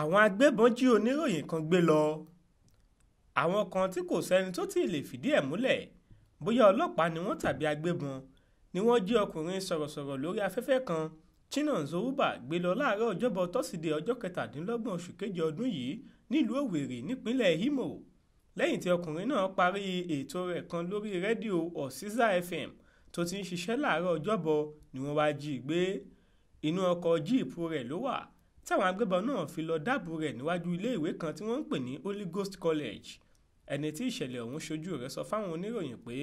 àwọn agbébọn jí oníròyìn kan gbé lọ àwọn kan tí kò sẹ́ni tó ti lè fìdí ẹ̀ múlẹ̀ bóyá ọlọ́pàá ni wọ́n tàbí agbébọn ni wọ́n jí ọkùnrin sọ̀rọ̀sọ̀rọ̀ lórí afẹ́fẹ́ kan Chinonso Ubah gbé lọ láàárọ̀ ọjọ́bọ̀ tọ́sídẹ̀ẹ́ ọjọ́ kẹtàdínlọ́gbọ̀n oṣù keje ọdún yìí nílùú Owerri nípínlẹ̀ Imo lẹ́yìn tí ọkùnrin náà parí ètò rẹ̀ kan lórí rédíò Oziza FM tó ti ń ṣiṣẹ́ láàárọ̀ ọjọ́bọ̀ ni wọ́n wá jí i gbé inú ọkọ̀ jíìpù rẹ̀ ló wà táwọn agbébọn náà fi lọ dáàbò rẹ̀ níwájú iléèwé kan tí wọ́n ń pè ní Holy Ghost College ẹni tí ìṣẹ̀lẹ̀ ọ̀hún ṣojú rẹ̀ sọ fáwọn oníròyìn pé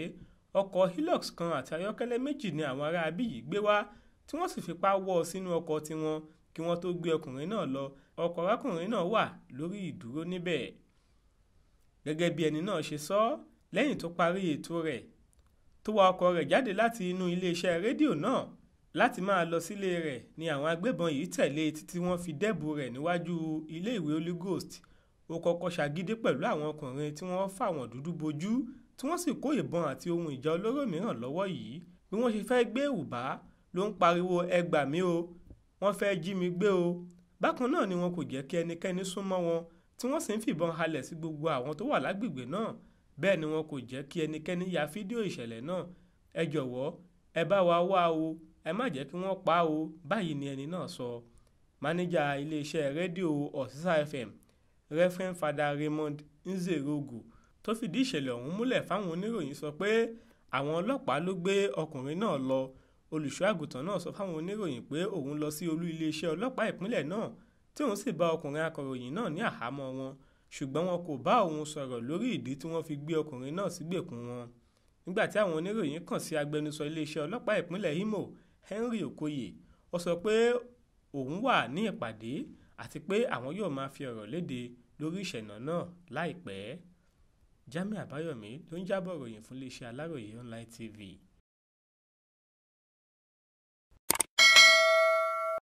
ọkọ̀ Hilux kan àti ayọ́kẹ́lẹ́ méjì ni àwọn ará abí yìí gbé wá tí wọ́n sì fipá wọ́ ọ sínú ọkọ̀ tiwọn kí wọ́n tó gbé ọkùnrin náà lọ ọkọ̀ arákùnrin náà wà lórí ìdúró níbẹ̀ gẹ́gẹ́ bí ẹni náà ṣe sọ lẹ́yìn tó parí ètò rẹ̀ tó wa ọkọ̀ rẹ̀ jáde láti inú iléeṣẹ́ rédíò náà láti máa lọ sílé rẹ̀ ni àwọn agbébọn yìí tẹ̀lé e títí wọ́n fi dẹ́bù rẹ̀ níwájú iléèwé holy ghost ó kọ́kọ́ ṣàgídí pẹ̀lú àwọn ọkùnrin tí wọ́n fàwọn dúdú bojú tí wọ́n sì kó ìbọn àti ohun ìjà olóró mìíràn lọ́wọ́ yìí bí wọ́n ṣe fẹ́ẹ́ gbé ìwùbá ló ń pariwo ẹ gbà mí o wọ́n fẹ́ẹ́ jí mi gbé o bákan náà ni wọn kò jẹ́ kí ẹnikẹ́ni súnmọ́ wọn tí wọ́n sì ń fìbọn halẹ̀ sí gbogbo àwọn tó wà lágbègbè náà bẹ́ẹ̀ ni wọn kò jẹ́ kí ẹnikẹ́ni ya fídíò ìṣẹ̀lẹ̀ náà ẹ jọ̀wọ́ ẹ bá wa wá o ẹ má jẹ́ kí wọ́n pa á o báyìí ni ẹni náà sọ máníjà iléeṣẹ́ rédíò ọ̀sísà fm reverend fada raymond nzerogu tó fìdí ìṣẹ̀lẹ̀ ọ̀hún múlẹ̀ fáwọn oníròyìn sọ pé àwọn ọlọ́pàá ló gbé ọkùnrin náà lọ olùṣọ́ àgùntàn náà sọ fáwọn oníròyìn pé òun lọ sí olú iléeṣẹ́ ọlọ́pàá ìpínlẹ̀ náà tí òun sì bá ọkùnrin akọ̀ròyìn náà ní àhámọ́ wọn ṣùgbọ́n wọn kò bá òun sọ̀rọ̀ lórí ìdí tí wọ́n fi gbé ọkùnrin náà sígbèkùn wọn nígbà tí àwọn oníròyìn kàn sí agbẹnusọ iléeṣẹ́ ọlọ́pàá ìpínlẹ̀ Imo Henry Okoye, ó sọ pé òun wà ní ìpàdé àti pé àwọn yóò máa fi ọ̀rọ̀ léde lórí ìṣẹ̀nà náà láìpẹ́. Jamiu Abayomi ló ń jábọ̀ ìròyìn fún iléeṣẹ́ Aláròye Online TV.